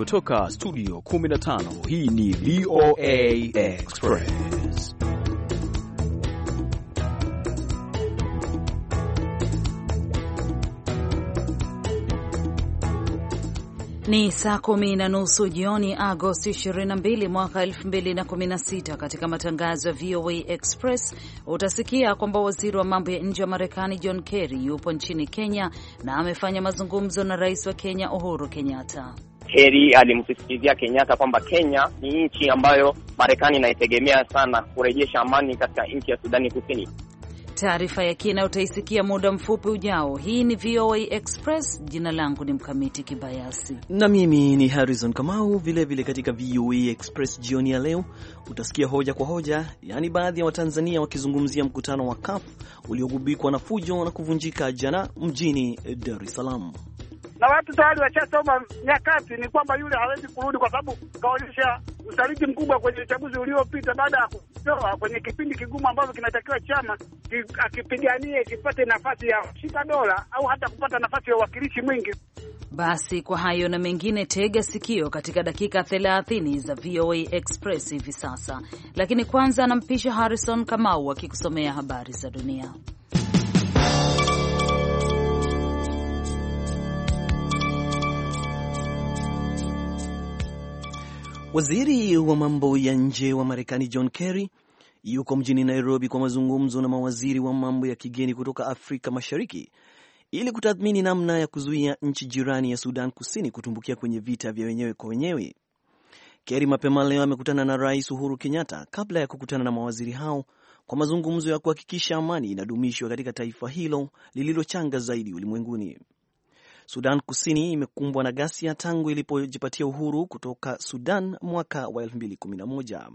Kutoka studio 15 hii ni VOA Express. Ni saa kumi na nusu jioni Agosti 22 mwaka 2016. Katika matangazo ya VOA Express utasikia kwamba waziri wa mambo ya nje wa Marekani John Kerry yupo nchini Kenya na amefanya mazungumzo na rais wa Kenya Uhuru Kenyatta. Kerry alimsisitizia Kenyatta kwamba Kenya ni nchi ambayo Marekani inaitegemea sana kurejesha amani katika nchi ya Sudani Kusini. Taarifa ya kina utaisikia muda mfupi ujao. Hii ni VOA Express. Jina langu ni Mkamiti Kibayasi na mimi ni Harrison Kamau. Vilevile katika VOA Express jioni ya leo utasikia hoja kwa hoja, yaani baadhi ya Watanzania wakizungumzia mkutano wa caf uliogubikwa na fujo na kuvunjika jana mjini Dar es Salaam na watu tayari wachasoma nyakati, ni kwamba yule hawezi kurudi, kwa sababu kaonyesha usaliti mkubwa kwenye uchaguzi uliopita, baada ya kutoa kwenye kipindi kigumu ambacho kinatakiwa chama akipiganie kipate nafasi ya kushika dola au hata kupata nafasi ya uwakilishi mwingi. Basi kwa hayo na mengine, tega sikio katika dakika 30 za VOA Express hivi sasa, lakini kwanza anampisha Harrison Kamau akikusomea habari za dunia. Waziri wa mambo ya nje wa Marekani John Kerry yuko mjini Nairobi kwa mazungumzo na mawaziri wa mambo ya kigeni kutoka Afrika Mashariki ili kutathmini namna ya kuzuia nchi jirani ya Sudan Kusini kutumbukia kwenye vita vya wenyewe kwa wenyewe. Kerry mapema leo amekutana na Rais Uhuru Kenyatta kabla ya kukutana na mawaziri hao kwa mazungumzo ya kuhakikisha amani inadumishwa katika taifa hilo lililochanga zaidi ulimwenguni. Sudan Kusini imekumbwa na ghasia tangu ilipojipatia uhuru kutoka Sudan mwaka wa 2011.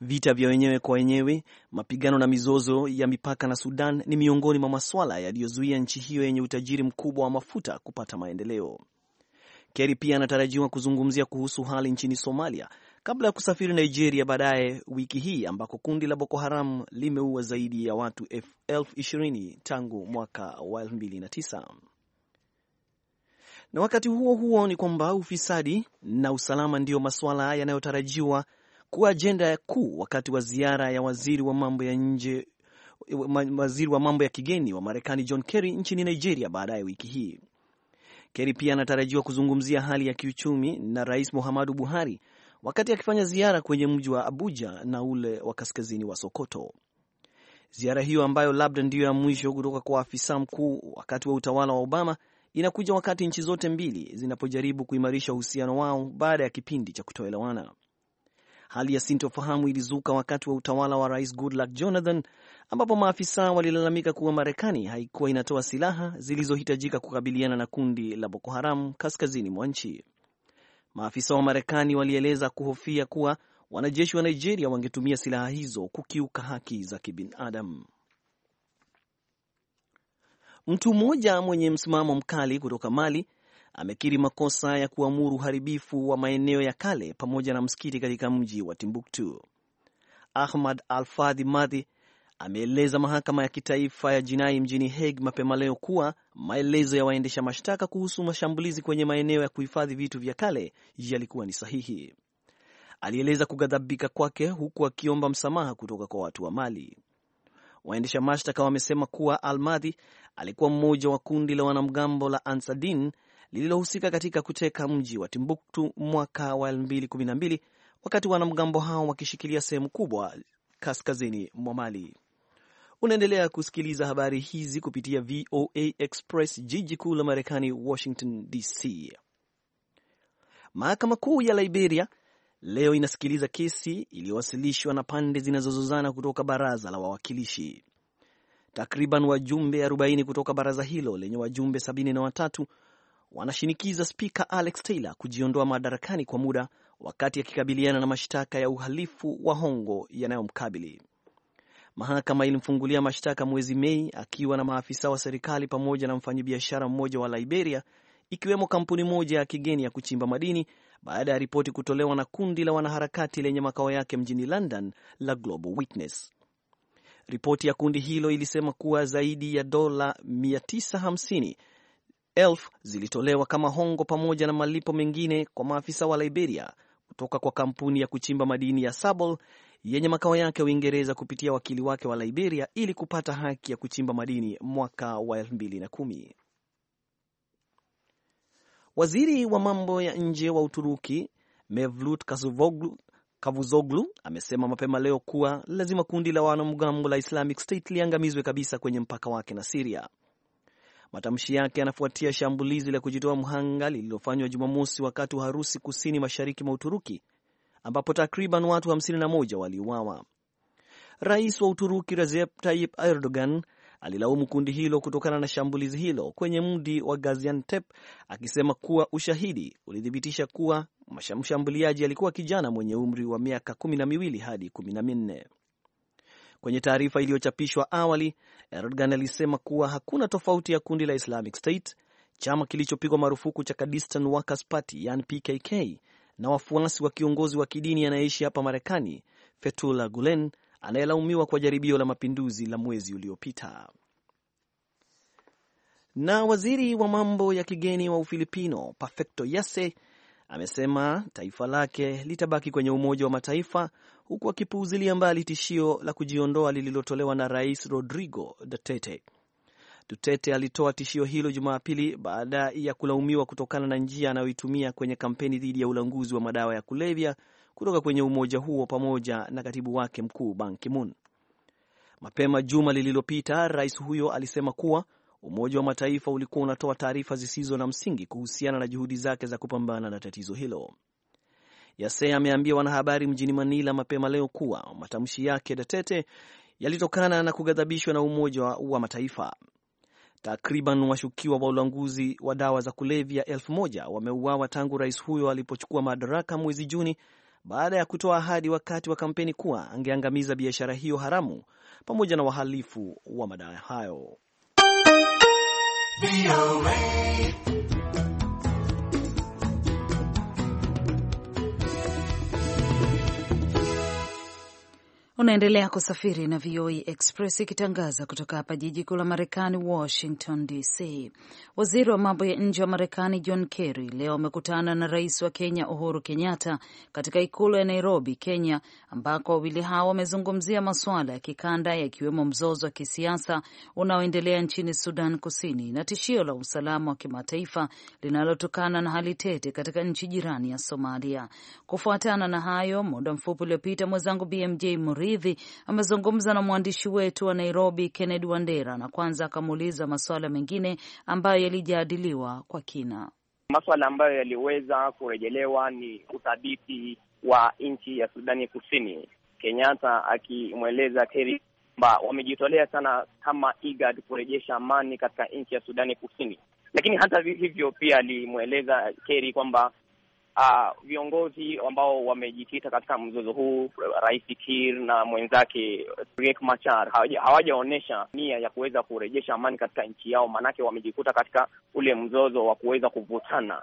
Vita vya wenyewe kwa wenyewe, mapigano na mizozo ya mipaka na Sudan ni miongoni mwa maswala yaliyozuia nchi hiyo yenye utajiri mkubwa wa mafuta kupata maendeleo. keri pia anatarajiwa kuzungumzia kuhusu hali nchini Somalia kabla ya kusafiri Nigeria baadaye wiki hii ambako kundi la Boko Haram limeua zaidi ya watu elfu ishirini tangu mwaka wa 2009 na wakati huo huo ni kwamba ufisadi na usalama ndiyo masuala yanayotarajiwa kuwa ajenda kuu wakati wa ziara ya waziri wa mambo ya nje waziri wa mambo ya kigeni wa Marekani John Kerry nchini Nigeria baadaye wiki hii. Kerry pia anatarajiwa kuzungumzia hali ya kiuchumi na Rais Muhammadu Buhari wakati akifanya ziara kwenye mji wa Abuja na ule wa kaskazini wa Sokoto. Ziara hiyo ambayo labda ndiyo ya mwisho kutoka kwa afisa mkuu wakati wa utawala wa Obama inakuja wakati nchi zote mbili zinapojaribu kuimarisha uhusiano wao baada ya kipindi cha kutoelewana. Hali ya sintofahamu ilizuka wakati wa utawala wa Rais Goodluck Jonathan, ambapo maafisa walilalamika kuwa Marekani haikuwa inatoa silaha zilizohitajika kukabiliana na kundi la Boko Haram kaskazini mwa nchi. Maafisa wa Marekani walieleza kuhofia kuwa wanajeshi wa Nigeria wangetumia silaha hizo kukiuka haki za kibinadamu. Mtu mmoja mwenye msimamo mkali kutoka Mali amekiri makosa ya kuamuru uharibifu wa maeneo ya kale pamoja na msikiti katika mji wa Timbuktu. Ahmad Alfadhi Madhi ameeleza mahakama ya kitaifa ya jinai mjini Hague mapema leo kuwa maelezo ya waendesha mashtaka kuhusu mashambulizi kwenye maeneo ya kuhifadhi vitu vya kale yalikuwa ni sahihi. Alieleza kughadhabika kwake huku akiomba msamaha kutoka kwa watu wa Mali. Waendesha mashtaka wamesema kuwa Almadhi alikuwa mmoja wa kundi la wanamgambo la Ansadin lililohusika katika kuteka mji wa Timbuktu mwaka wa 2012 wakati wanamgambo hao wakishikilia sehemu kubwa kaskazini mwa Mali. Unaendelea kusikiliza habari hizi kupitia VOA Express, jiji kuu la Marekani, Washington DC. Mahakama Kuu ya Liberia leo inasikiliza kesi iliyowasilishwa na pande zinazozozana kutoka baraza la wawakilishi. Takriban wajumbe 40 kutoka baraza hilo lenye wajumbe 73 wanashinikiza spika Alex Taylor kujiondoa madarakani kwa muda wakati akikabiliana na mashtaka ya uhalifu wa hongo yanayomkabili. Mahakama ilimfungulia mashtaka mwezi Mei akiwa na maafisa wa serikali pamoja na mfanyabiashara mmoja wa Liberia, ikiwemo kampuni moja ya kigeni ya kuchimba madini baada ya ripoti kutolewa na kundi la wanaharakati lenye makao yake mjini London la Global Witness. Ripoti ya kundi hilo ilisema kuwa zaidi ya dola 950 zilitolewa kama hongo pamoja na malipo mengine kwa maafisa wa Liberia kutoka kwa kampuni ya kuchimba madini ya Sable yenye makao yake Uingereza kupitia wakili wake wa Liberia ili kupata haki ya kuchimba madini mwaka wa 2010. Waziri wa mambo ya nje wa Uturuki Mevlut Kavuzoglu amesema mapema leo kuwa lazima kundi la wanamgambo la Islamic State liangamizwe kabisa kwenye mpaka wake na Siria. Matamshi yake yanafuatia shambulizi la kujitoa mhanga lililofanywa Jumamosi wakati wa harusi kusini mashariki mwa Uturuki ambapo takriban watu 51 waliuawa. Rais wa Uturuki Recep Tayyip Erdogan alilaumu kundi hilo kutokana na shambulizi hilo kwenye mji wa Gaziantep, akisema kuwa ushahidi ulithibitisha kuwa mshambuliaji alikuwa kijana mwenye umri wa miaka kumi na miwili hadi kumi na minne. Kwenye taarifa iliyochapishwa awali, Erdogan alisema kuwa hakuna tofauti ya kundi la Islamic State, chama kilichopigwa marufuku cha Kurdistan Workers Party yani PKK, na wafuasi wa kiongozi wa kidini anayeishi hapa Marekani Fethullah Gulen anayelaumiwa kwa jaribio la mapinduzi la mwezi uliopita. Na waziri wa mambo ya kigeni wa Ufilipino Perfecto Yase amesema taifa lake litabaki kwenye Umoja wa Mataifa huku akipuuzilia mbali tishio la kujiondoa lililotolewa na Rais Rodrigo Duterte. Duterte alitoa tishio hilo Jumapili baada ya kulaumiwa kutokana na njia anayoitumia kwenye kampeni dhidi ya ulanguzi wa madawa ya kulevya kutoka kwenye umoja huo pamoja na katibu wake mkuu Ban Ki-moon. Mapema juma lililopita, rais huyo alisema kuwa Umoja wa Mataifa ulikuwa unatoa taarifa zisizo na msingi kuhusiana na juhudi zake za kupambana na tatizo hilo. Yase ameambia wanahabari mjini Manila mapema leo kuwa matamshi yake Datete yalitokana na kughadhabishwa na Umoja wa Mataifa. Takriban washukiwa wa ulanguzi wa dawa za kulevya elfu moja wameuawa tangu rais huyo alipochukua madaraka mwezi Juni baada ya kutoa ahadi wakati wa kampeni kuwa angeangamiza biashara hiyo haramu pamoja na wahalifu wa madawa hayo. Unaendelea kusafiri na VOA e Express ikitangaza kutoka hapa jiji kuu la Marekani, Washington DC. Waziri wa mambo ya nje wa Marekani John Kerry leo amekutana na rais wa Kenya Uhuru Kenyatta katika ikulu ya Nairobi, Kenya, ambako wawili hao wamezungumzia masuala ya kikanda yakiwemo mzozo wa kisiasa unaoendelea nchini Sudan Kusini na tishio la usalama wa kimataifa linalotokana na hali tete katika nchi jirani ya Somalia. Kufuatana na hayo, muda mfupi uliopita mwenzangu BMJ Murray Mridhi amezungumza na mwandishi wetu wa Nairobi, Kennedy Wandera, na kwanza akamuuliza masuala mengine ambayo yalijadiliwa kwa kina. Maswala ambayo yaliweza kurejelewa ni uthabiti wa nchi ya Sudani Kusini, Kenyatta akimweleza Keri kwamba wamejitolea sana kama IGAD kurejesha amani katika nchi ya Sudani Kusini, lakini hata hivyo pia alimweleza Kerry kwamba uh, viongozi ambao wamejikita katika mzozo huu, Rais Kiir na mwenzake Riek Machar hawajaonyesha nia ya kuweza kurejesha amani katika nchi yao, maanake wamejikuta katika ule mzozo wa kuweza kuvutana.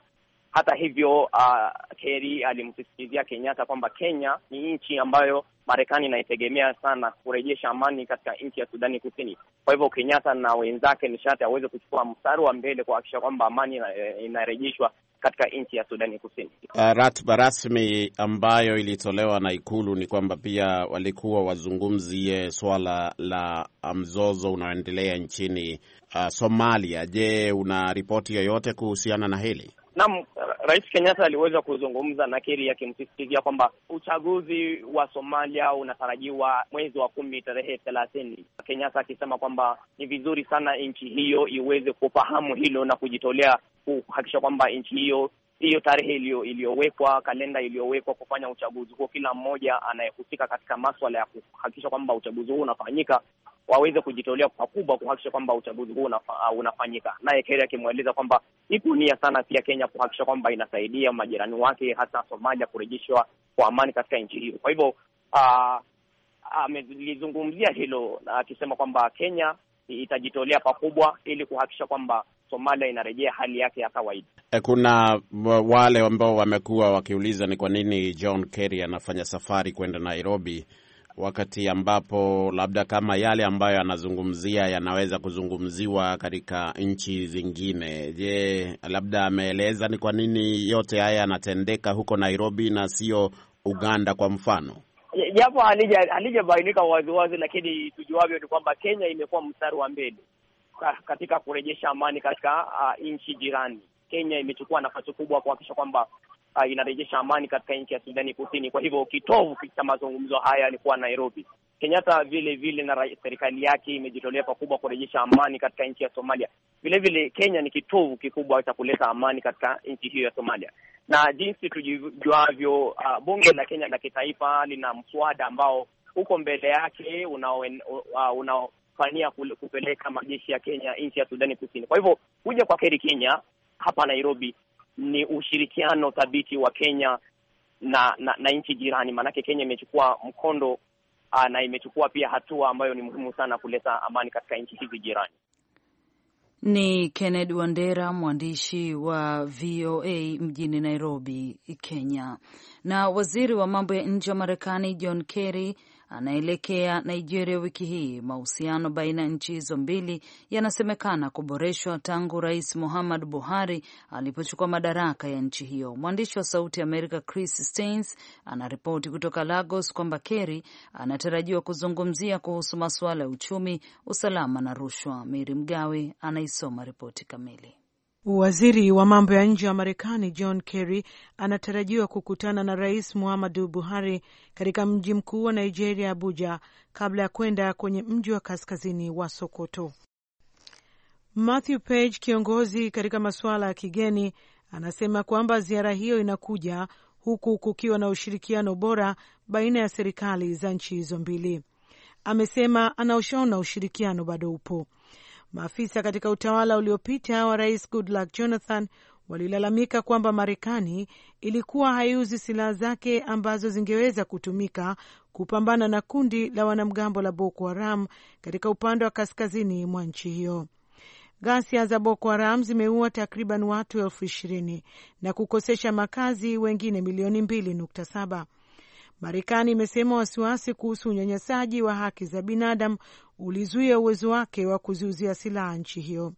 Hata hivyo, uh, Kerry alimsisitizia Kenyatta kwamba Kenya ni nchi ambayo Marekani inaitegemea sana kurejesha amani katika nchi ya Sudani Kusini. Kwa hivyo, Kenyatta na wenzake ni sharti aweze kuchukua mstari wa mbele kuhakikisha kwamba amani eh, inarejeshwa katika nchi ya Sudani Kusini. Uh, ratiba rasmi ambayo ilitolewa na Ikulu ni kwamba pia walikuwa wazungumzie swala la uh, mzozo unaoendelea nchini uh, Somalia. Je, una ripoti yoyote kuhusiana na hili? Naam, Rais Kenyatta aliweza kuzungumza na Kiri akimsisitizia kwamba uchaguzi wa Somalia unatarajiwa mwezi wa kumi tarehe thelathini. Kenyatta akisema kwamba ni vizuri sana nchi hiyo iweze kufahamu hilo na kujitolea kuhakikisha kwamba nchi hiyo hiyo tarehe iliyowekwa, kalenda iliyowekwa kufanya uchaguzi huo, kila mmoja anayehusika katika maswala ya kuhakikisha kwamba uchaguzi huo unafanyika waweze kujitolea pakubwa kuhakikisha kwamba uchaguzi huu uh, unafanyika. Naye Kerry akimweleza kwamba iko nia sana pia Kenya kuhakikisha kwamba inasaidia majirani wake hasa Somalia kurejeshwa kwa amani katika nchi hiyo. Kwa hivyo uh, amelizungumzia hilo akisema kwamba Kenya itajitolea pakubwa ili kuhakikisha kwamba Somalia inarejea hali yake ya kawaida. Eh, kuna wale ambao wamekuwa wakiuliza ni kwa nini John Kerry anafanya safari kwenda Nairobi wakati ambapo labda kama yale ambayo anazungumzia yanaweza kuzungumziwa katika nchi zingine. Je, labda ameeleza ni kwa nini yote haya yanatendeka huko Nairobi na sio Uganda kwa mfano? Japo halijabainika waziwazi, lakini tujuavyo ni kwamba Kenya imekuwa mstari wa mbele katika kurejesha amani katika uh, nchi jirani. Kenya imechukua nafasi kubwa kuhakikisha kwamba uh, inarejesha amani katika nchi ya Sudani Kusini. Kwa hivyo kitovu cha mazungumzo haya alikuwa Nairobi. Kenyatta vile vile na serikali yake imejitolea pakubwa kurejesha amani katika nchi ya Somalia. Vile vile Kenya ni kitovu kikubwa cha kuleta amani katika nchi hiyo ya Somalia, na jinsi tujuavyo, uh, bunge la Kenya la kitaifa lina mswada ambao uko mbele yake unao, uh, unao kufania kupeleka majeshi ya Kenya nchi ya Sudani Kusini. Kwa hivyo kuja kwa Kerry Kenya hapa Nairobi ni ushirikiano thabiti wa Kenya na na, na nchi jirani, maanake Kenya imechukua mkondo ah, na imechukua pia hatua ambayo ni muhimu sana kuleta amani katika nchi hizi jirani. Ni Kenneth Wandera, mwandishi wa VOA mjini Nairobi, Kenya. Na waziri wa mambo ya nje wa Marekani John Kerry anaelekea Nigeria wiki hii. Mahusiano baina ya nchi hizo mbili yanasemekana kuboreshwa tangu Rais Muhammad Buhari alipochukua madaraka ya nchi hiyo. Mwandishi wa Sauti ya Amerika Chris Steins anaripoti kutoka Lagos kwamba Kerry anatarajiwa kuzungumzia kuhusu masuala ya uchumi, usalama na rushwa. Meri Mgawe anaisoma ripoti kamili. Waziri wa mambo ya nje wa Marekani John Kerry anatarajiwa kukutana na Rais Muhammadu Buhari katika mji mkuu wa Nigeria, Abuja, kabla ya kwenda kwenye mji wa kaskazini wa Sokoto. Matthew Page, kiongozi katika masuala ya kigeni, anasema kwamba ziara hiyo inakuja huku kukiwa na ushirikiano bora baina ya serikali za nchi hizo mbili. Amesema anaoshaona ushirikiano bado upo Maafisa katika utawala uliopita wa rais Goodluck Jonathan walilalamika kwamba Marekani ilikuwa haiuzi silaha zake ambazo zingeweza kutumika kupambana na kundi la wanamgambo la Boko Haram katika upande wa kaskazini mwa nchi hiyo. Ghasia za Boko Haram zimeua takriban watu elfu ishirini na kukosesha makazi wengine milioni mbili nukta saba. Marekani imesema wasiwasi kuhusu unyanyasaji wa haki za binadamu ulizuia uwezo wake wa kuziuzia silaha nchi hiyo.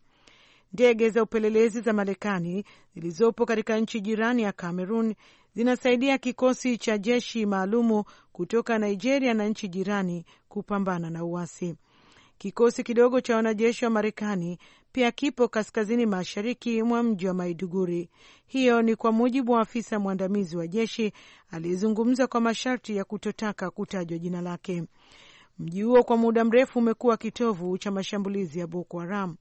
Ndege za upelelezi za Marekani zilizopo katika nchi jirani ya cameron zinasaidia kikosi cha jeshi maalumu kutoka Nigeria na nchi jirani kupambana na uasi. Kikosi kidogo cha wanajeshi wa Marekani pia kipo kaskazini mashariki mwa mji wa Maiduguri. Hiyo ni kwa mujibu wa afisa mwandamizi wa jeshi aliyezungumza kwa masharti ya kutotaka kutajwa jina lake. Mji huo kwa muda mrefu umekuwa kitovu cha mashambulizi ya Boko Haram.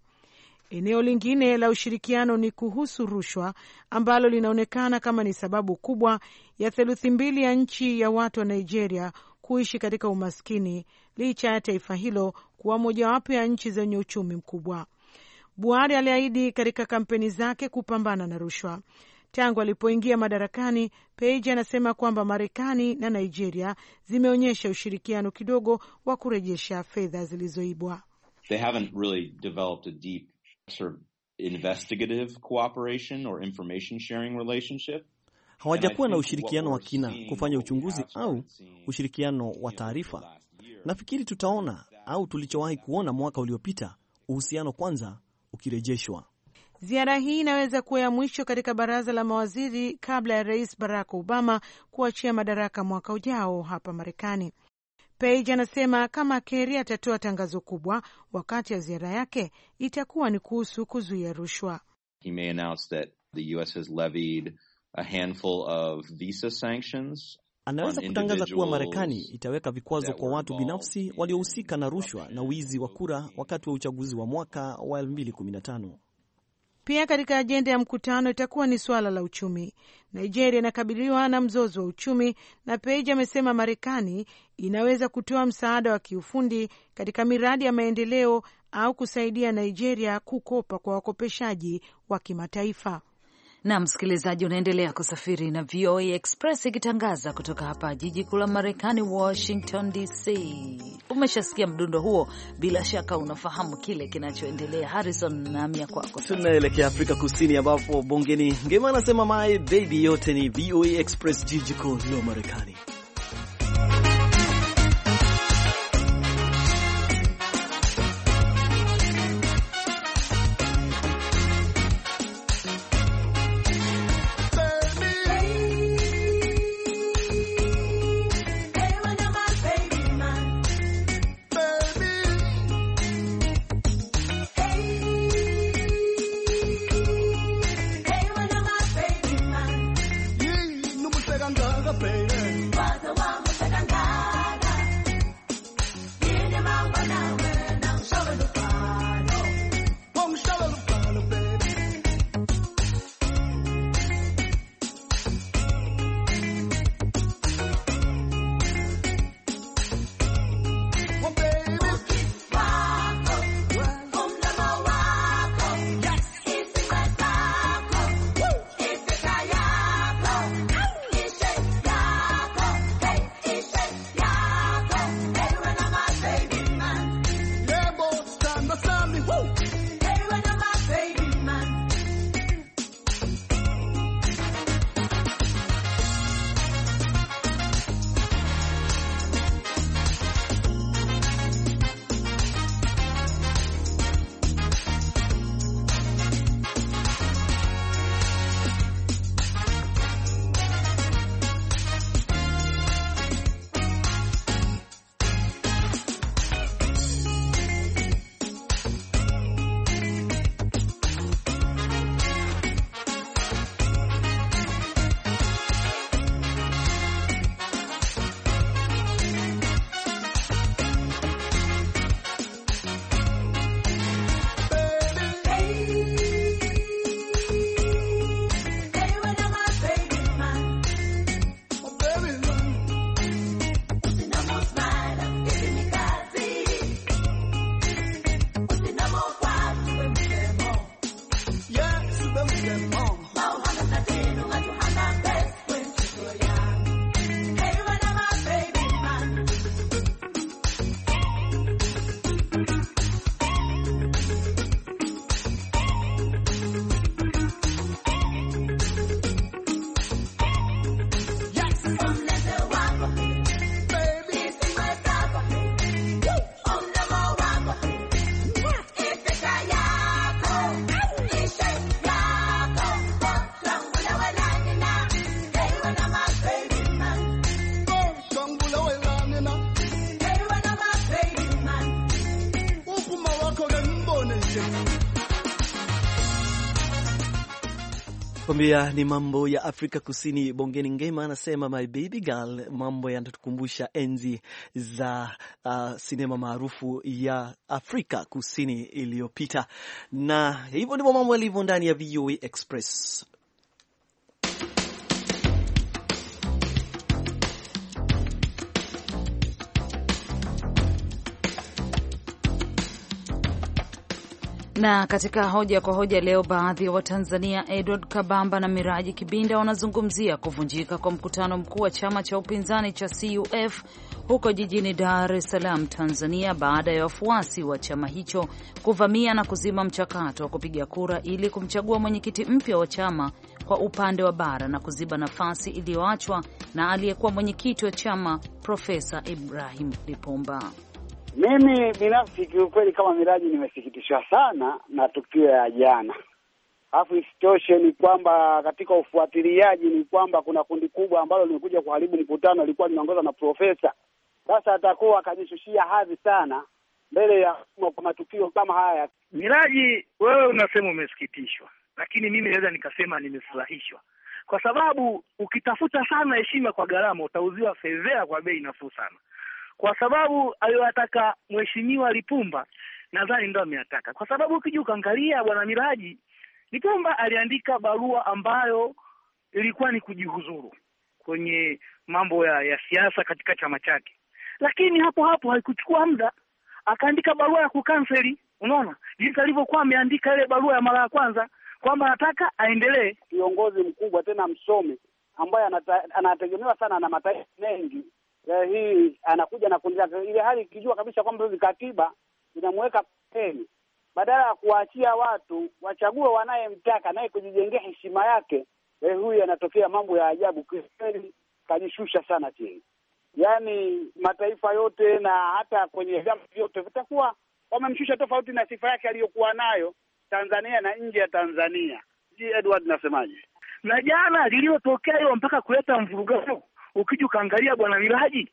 Eneo lingine la ushirikiano ni kuhusu rushwa, ambalo linaonekana kama ni sababu kubwa ya theluthi mbili ya nchi ya watu wa Nigeria kuishi katika umaskini, licha ya taifa hilo kuwa mojawapo ya nchi zenye uchumi mkubwa. Buhari aliahidi katika kampeni zake kupambana na rushwa. Tangu alipoingia madarakani, Page anasema kwamba Marekani na Nigeria zimeonyesha ushirikiano kidogo wa kurejesha fedha zilizoibwa. Hawajakuwa na ushirikiano wa kina kufanya uchunguzi au ushirikiano wa taarifa. Nafikiri tutaona au tulichowahi kuona mwaka uliopita, uhusiano kwanza ukirejeshwa. Ziara hii inaweza kuwa ya mwisho katika baraza la mawaziri kabla ya rais Barack Obama kuachia madaraka mwaka ujao hapa Marekani. Page anasema kama Kerry atatoa tangazo kubwa wakati ya ziara yake itakuwa ni kuhusu kuzuia rushwa. He may announce that the US has levied a handful of visa sanctions anaweza kutangaza kuwa Marekani itaweka vikwazo kwa watu binafsi waliohusika na rushwa na wizi wa kura wakati wa uchaguzi wa mwaka wa 2015. Pia katika ajenda ya mkutano itakuwa ni suala la uchumi. Nigeria inakabiliwa na mzozo wa uchumi, na Page amesema Marekani inaweza kutoa msaada wa kiufundi katika miradi ya maendeleo au kusaidia Nigeria kukopa kwa wakopeshaji wa kimataifa na msikilizaji, unaendelea kusafiri na VOA Express ikitangaza kutoka hapa jiji kuu la Marekani, Washington DC. Umeshasikia mdundo huo, bila shaka unafahamu kile kinachoendelea. Harrison, naamia kwako. Tunaelekea Afrika Kusini, ambapo bongeni ngema anasema my baby, yote ni VOA Express, jiji kuu la Marekani. Nakwambia ni mambo ya Afrika Kusini. Bongeni Ngema anasema my baby girl, mambo yanatukumbusha enzi za uh, sinema maarufu ya Afrika Kusini iliyopita, na hivyo ndivyo mambo yalivyo ndani ya VOA e Express. Na katika hoja kwa hoja leo, baadhi ya wa Watanzania Edward Kabamba na Miraji Kibinda wanazungumzia kuvunjika kwa mkutano mkuu wa chama cha upinzani cha CUF huko jijini Dar es Salaam, Tanzania, baada ya wafuasi wa chama hicho kuvamia na kuzima mchakato wa kupiga kura ili kumchagua mwenyekiti mpya wa chama kwa upande wa bara na kuziba nafasi iliyoachwa na aliyekuwa mwenyekiti wa chama Profesa Ibrahim Lipumba. Mimi binafsi kiukweli, kama Miraji, nimesikitishwa sana na tukio ya jana. Alafu isitoshe ni kwamba katika ufuatiliaji ni kwamba kuna kundi kubwa ambalo limekuja kuharibu mkutano, alikuwa linaongozwa na profesa. Sasa atakuwa akajishushia hadhi sana mbele ya kwa matukio kama haya. Miraji, wewe unasema umesikitishwa, lakini mimi naweza nikasema nimefurahishwa, kwa sababu ukitafuta sana heshima kwa gharama, utauziwa fedhea kwa bei nafuu sana kwa sababu aliyoyataka mheshimiwa Lipumba nadhani ndo ameyataka, kwa sababu ukija ukaangalia, bwana Miraji, Lipumba aliandika barua ambayo ilikuwa ni kujihuzuru kwenye mambo ya, ya siasa katika chama chake, lakini hapo hapo haikuchukua muda akaandika barua ya kukanseli. Unaona jinsi alivyokuwa ameandika ile barua ya mara ya kwanza kwamba anataka aendelee. Kiongozi mkubwa tena msomi ambaye anategemewa sana na mataifa mengi leo eh, hii anakuja na kundi lake, ile hali ikijua kabisa kwamba hivi katiba inamweka pembeni, badala ya kuwaachia watu wachague wanayemtaka naye kujijengea heshima yake. Eh, huyu anatokea mambo ya ajabu kweli, kajishusha sana chini. Yaani mataifa yote na hata kwenye vyama vyote vitakuwa wamemshusha, tofauti na sifa yake aliyokuwa nayo Tanzania na nje ya Tanzania. Ji Edward, nasemaje? Na jana liliyotokea hiyo mpaka kuleta mvurugano ukija ukaangalia bwana Miraji,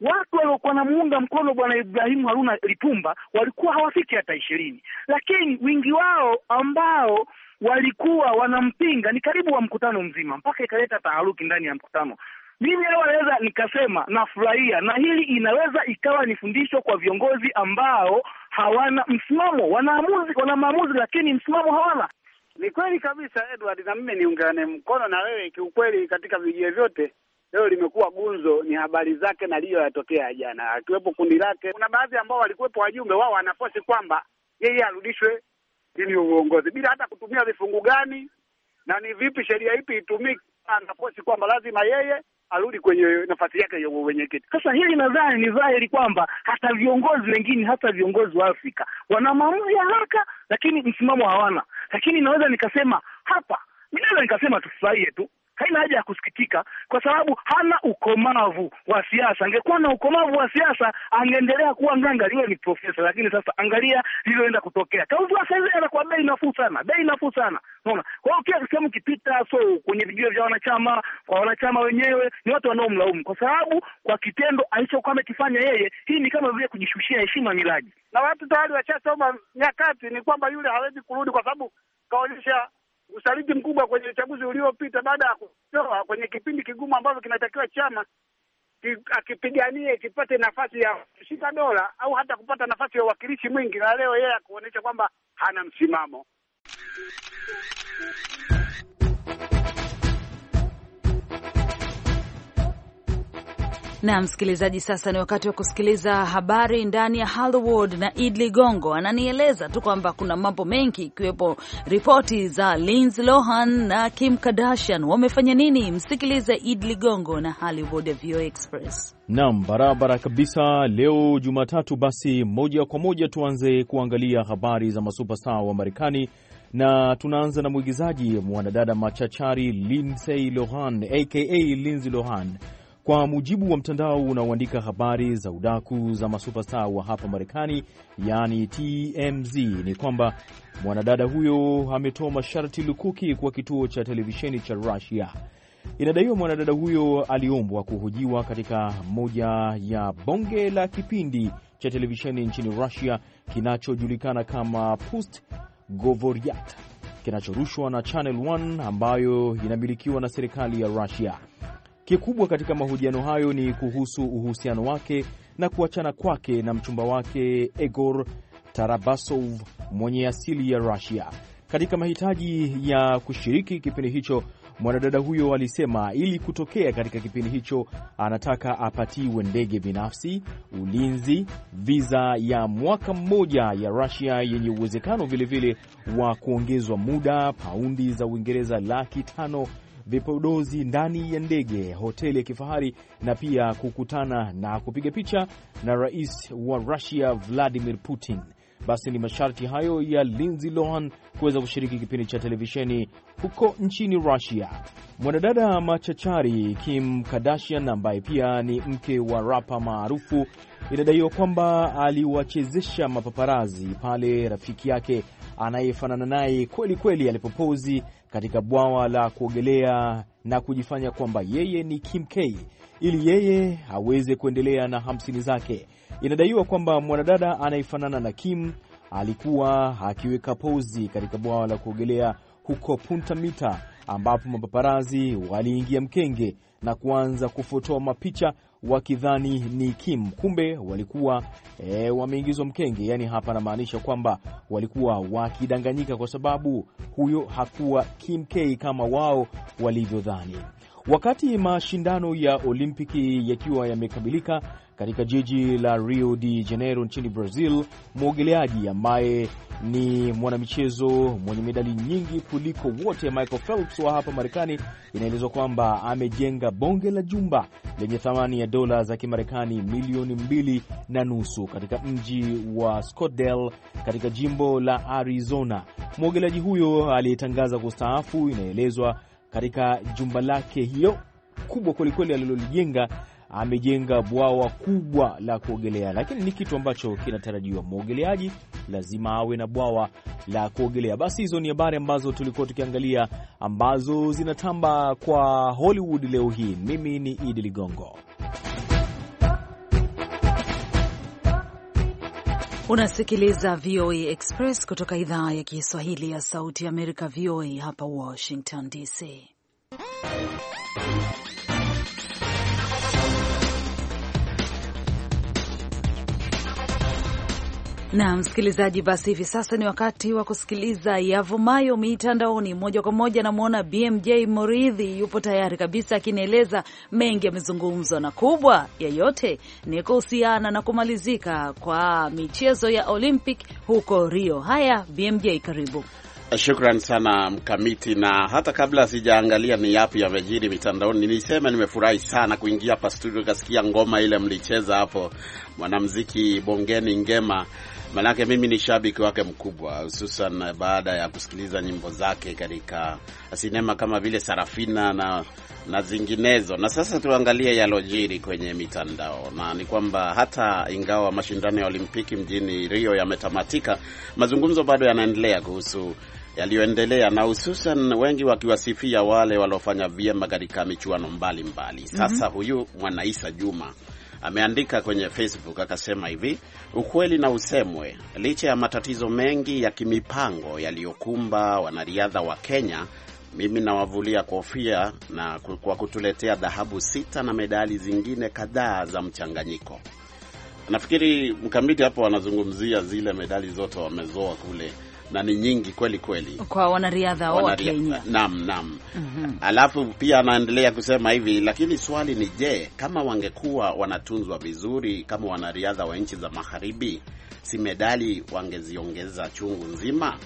watu waliokuwa namuunga mkono bwana Ibrahimu Haruna Lipumba walikuwa hawafiki hata ishirini, lakini wingi wao ambao walikuwa wanampinga ni karibu wa mkutano mzima, mpaka ikaleta taharuki ndani ya mkutano. Mimi leo naweza nikasema nafurahia, na hili inaweza ikawa ni fundisho kwa viongozi ambao hawana msimamo. Wanaamuzi, wana maamuzi lakini msimamo hawana. Ni kweli kabisa Edward, na mimi niungane mkono na wewe kiukweli, katika vijiwe vyote leo limekuwa gunzo ni habari zake na yatokea jana, akiwepo kundi lake. Kuna baadhi ambao walikuwepo wajumbe wao wanafosi kwamba yeye arudishwe ili uongozi bila hata kutumia vifungu gani na ni vipi, sheria ipi itumike, anafosi kwamba lazima yeye arudi kwenye nafasi yake ya uwenyekiti. Sasa hili nadhani ni dhahiri kwamba hata viongozi wengine, hata viongozi wa Afrika wana maamuzi ya haraka, lakini msimamo hawana. Lakini naweza nikasema hapa, mi naweza nikasema tufurahie tu haina haja ya kusikitika, kwa sababu hana ukomavu wa siasa. Angekuwa na ukomavu wa siasa, angeendelea kuwa nganga, liwe ni profesa. Lakini sasa angalia lililoenda kutokea, kauzwa saizi anakuwa bei nafuu sana, bei nafuu sana, unaona. Kwa hiyo kila sehemu kipita, so kwenye vijio vya wanachama, kwa wanachama wenyewe ni watu wanaomlaumu, kwa sababu kwa kitendo alichokuwa amekifanya yeye, hii ni kama vile kujishushia heshima Milaji, na watu tayari wachasoma nyakati, ni kwamba yule hawezi kurudi, kwa sababu kaonyesha usaliti mkubwa kwenye uchaguzi uliopita, baada ya kutoa kwenye kipindi kigumu ambavyo kinatakiwa chama akipiganie kipate nafasi ya kushika dola au hata kupata nafasi ya uwakilishi mwingi, na leo yeye akuonyesha kwamba hana msimamo. Na msikilizaji, sasa ni wakati wa kusikiliza habari ndani ya Hollywood na Id Ligongo ananieleza tu kwamba kuna mambo mengi, ikiwepo ripoti za Lindsay Lohan na Kim Kardashian wamefanya nini. Msikilize Id Ligongo na Hollywood ya VOA Express. Naam, barabara kabisa. Leo Jumatatu, basi moja kwa moja tuanze kuangalia habari za masuperstar wa Marekani na tunaanza na mwigizaji mwanadada machachari Lindsay Lohan aka Lindsay Lohan kwa mujibu wa mtandao unaoandika habari za udaku za masupastar wa hapa Marekani, yaani TMZ, ni kwamba mwanadada huyo ametoa masharti lukuki kwa kituo cha televisheni cha Russia. Inadaiwa mwanadada huyo aliombwa kuhojiwa katika moja ya bonge la kipindi cha televisheni nchini Russia kinachojulikana kama Pust Govoryat kinachorushwa na Channel 1 ambayo inamilikiwa na serikali ya Russia. Kikubwa katika mahojiano hayo ni kuhusu uhusiano wake na kuachana kwake na mchumba wake Egor Tarabasov mwenye asili ya Rusia. Katika mahitaji ya kushiriki kipindi hicho, mwanadada huyo alisema ili kutokea katika kipindi hicho anataka apatiwe ndege binafsi, ulinzi, viza ya mwaka mmoja ya Rusia yenye uwezekano vilevile wa kuongezwa muda, paundi za Uingereza laki tano vipodozi ndani ya ndege, hoteli ya kifahari na pia kukutana na kupiga picha na rais wa Russia Vladimir Putin. Basi ni masharti hayo ya Lindsay Lohan kuweza kushiriki kipindi cha televisheni huko nchini Russia. Mwanadada machachari Kim Kardashian ambaye pia ni mke wa rapa maarufu, inadaiwa kwamba aliwachezesha mapaparazi pale rafiki yake anayefanana naye kweli kweli alipopozi katika bwawa la kuogelea na kujifanya kwamba yeye ni Kim K ili yeye aweze kuendelea na hamsini zake. Inadaiwa kwamba mwanadada anayefanana na Kim alikuwa akiweka pozi katika bwawa la kuogelea huko Punta Mita ambapo mapaparazi waliingia mkenge na kuanza kufotoa mapicha wakidhani ni Kim, kumbe walikuwa e, wameingizwa mkenge. Yaani hapa anamaanisha kwamba walikuwa wakidanganyika, kwa sababu huyo hakuwa Kim K kama wao walivyodhani. Wakati mashindano ya Olimpiki yakiwa yamekamilika, katika jiji la Rio de Janeiro nchini Brazil, mwogeleaji ambaye ni mwanamichezo mwenye medali nyingi kuliko wote Michael Phelps wa hapa Marekani, inaelezwa kwamba amejenga bonge la jumba lenye thamani ya dola za Kimarekani milioni mbili na nusu katika mji wa Scottsdale katika jimbo la Arizona. Mwogeleaji huyo aliyetangaza kustaafu, inaelezwa katika jumba lake hiyo kubwa kwelikweli alilolijenga amejenga bwawa kubwa la kuogelea, lakini ni kitu ambacho kinatarajiwa, mwogeleaji lazima awe na bwawa la kuogelea. Basi hizo ni habari ambazo tulikuwa tukiangalia ambazo zinatamba kwa Hollywood leo hii. Mimi ni Idi Ligongo. Unasikiliza VOA Express kutoka idhaa ya Kiswahili ya Sauti ya Amerika, VOA hapa Washington DC. na msikilizaji, basi hivi sasa ni wakati wa kusikiliza yavumayo mitandaoni moja kwa moja. Namwona BMJ Moridhi yupo tayari kabisa, akinieleza mengi yamezungumzwa, na kubwa yeyote ni kuhusiana na kumalizika kwa michezo ya Olympic huko Rio. Haya, BMJ, karibu. Shukran sana Mkamiti, na hata kabla sijaangalia ni yapi yamejiri mitandaoni, niseme nimefurahi sana kuingia hapa studio, kasikia ngoma ile mlicheza hapo, mwanamziki Bongeni Ngema Manake mimi ni shabiki wake mkubwa, hususan baada ya kusikiliza nyimbo zake katika sinema kama vile Sarafina na na zinginezo. Na sasa tuangalie yalojiri kwenye mitandao, na ni kwamba hata ingawa mashindano ya Olimpiki mjini Rio yametamatika, mazungumzo bado yanaendelea kuhusu yaliyoendelea na hususan wengi wakiwasifia wale waliofanya vyema katika michuano mbalimbali Sasa mm -hmm. Huyu Mwanaisa Juma ameandika kwenye Facebook akasema hivi: ukweli na usemwe, licha ya matatizo mengi ya kimipango yaliyokumba wanariadha wa Kenya, mimi nawavulia kofia na kwa kutuletea dhahabu sita na medali zingine kadhaa za mchanganyiko. Nafikiri mkamiti hapo anazungumzia zile medali zote wamezoa kule na ni nyingi kweli kweli kwa wanariadha wote Kenya. Naam, naam. Mm -hmm. Alafu pia anaendelea kusema hivi, lakini swali ni je, kama wangekuwa wanatunzwa vizuri kama wanariadha wa nchi za magharibi, si medali wangeziongeza chungu nzima?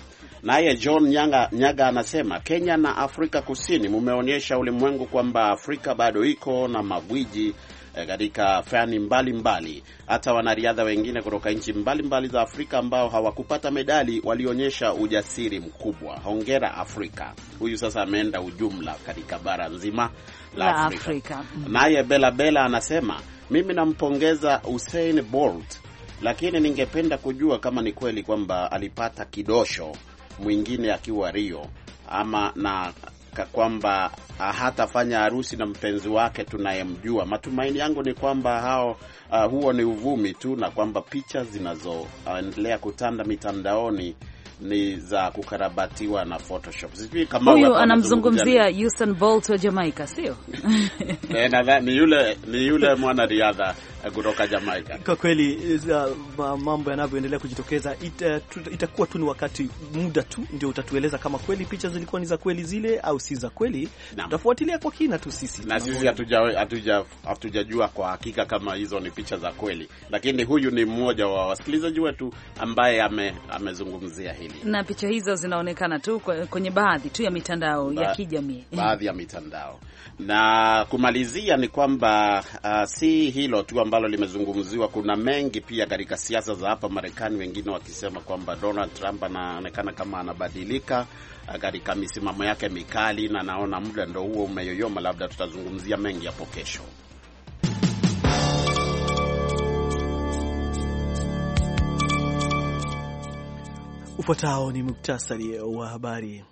Naye John Nyanga, Nyaga anasema Kenya na Afrika Kusini mumeonyesha ulimwengu kwamba Afrika bado iko na magwiji Eh, katika fani mbalimbali. Hata wanariadha wengine kutoka nchi mbalimbali za Afrika ambao hawakupata medali walionyesha ujasiri mkubwa. Hongera Afrika. Huyu sasa ameenda ujumla katika bara nzima la, Afrika, Afrika, Afrika. Mm. Naye Bela Bela anasema mimi nampongeza Usain Bolt, lakini ningependa kujua kama ni kweli kwamba alipata kidosho mwingine akiwa Rio ama na shaka kwamba ah, hatafanya harusi na mpenzi wake tunayemjua. Matumaini yangu ni kwamba hao uh, huo ni uvumi tu na kwamba picha zinazoendelea uh, kutanda mitandaoni ni za kukarabatiwa na Photoshop. Sijui kama huyu anamzungumzia Usain Bolt wa Jamaica, sio? Eh, yule ni yule mwanariadha Eh, kutoka Jamaica. Kwa kweli eh, mambo yanavyoendelea kujitokeza, eh, itakuwa ita tu ni wakati, muda tu ndio utatueleza kama kweli picha zilikuwa ni za kweli zile au si za kweli. Tutafuatilia kwa kina tu sisi na sisi, hatujajua kwa hakika kama hizo ni picha za kweli, lakini huyu ni mmoja wa wasikilizaji wetu ambaye ame, amezungumzia hili, na picha hizo zinaonekana tu kwenye baadhi tu ya mitandao ba ya kijamii, baadhi ya mitandao na kumalizia ni kwamba uh, si hilo tu amba ambalo limezungumziwa. Kuna mengi pia katika siasa za hapa Marekani, wengine wakisema kwamba Donald Trump anaonekana kama anabadilika ah, katika misimamo yake mikali, na naona muda ndo huo umeyoyoma, labda tutazungumzia mengi hapo kesho. Ufuatao ni muktasari wa habari.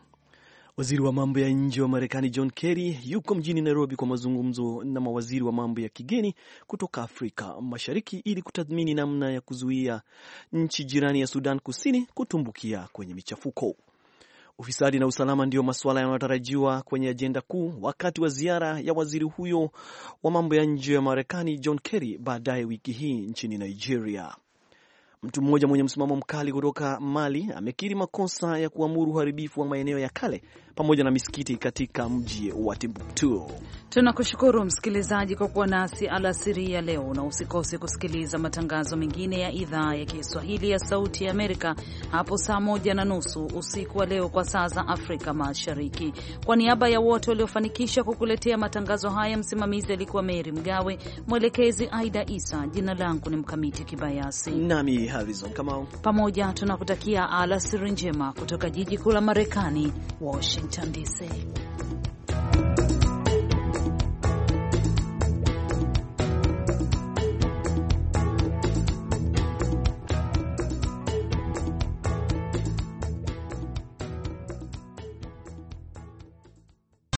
Waziri wa mambo ya nje wa Marekani John Kerry yuko mjini Nairobi kwa mazungumzo na mawaziri wa mambo ya kigeni kutoka Afrika Mashariki ili kutathmini namna ya kuzuia nchi jirani ya Sudan Kusini kutumbukia kwenye michafuko. Ufisadi na usalama ndiyo masuala yanayotarajiwa kwenye ajenda kuu wakati wa ziara ya waziri huyo wa mambo ya nje ya Marekani John Kerry baadaye wiki hii nchini Nigeria. Mtu mmoja mwenye msimamo mkali kutoka Mali amekiri makosa ya kuamuru uharibifu wa maeneo ya kale pamoja na misikiti katika mji wa Timbuktu. Tunakushukuru msikilizaji kwa kuwa nasi alasiri ya leo, na usikose kusikiliza matangazo mengine ya idhaa ya Kiswahili ya Sauti ya Amerika hapo saa moja na nusu usiku wa leo kwa saa za Afrika Mashariki. Kwa niaba ya wote waliofanikisha kukuletea matangazo haya, msimamizi alikuwa Meri Mgawe, mwelekezi Aida Isa, jina langu ni Mkamiti Kibayasi nami Harrison Kamau. Pamoja tunakutakia alasiri njema kutoka jiji kuu la Marekani, Washington DC.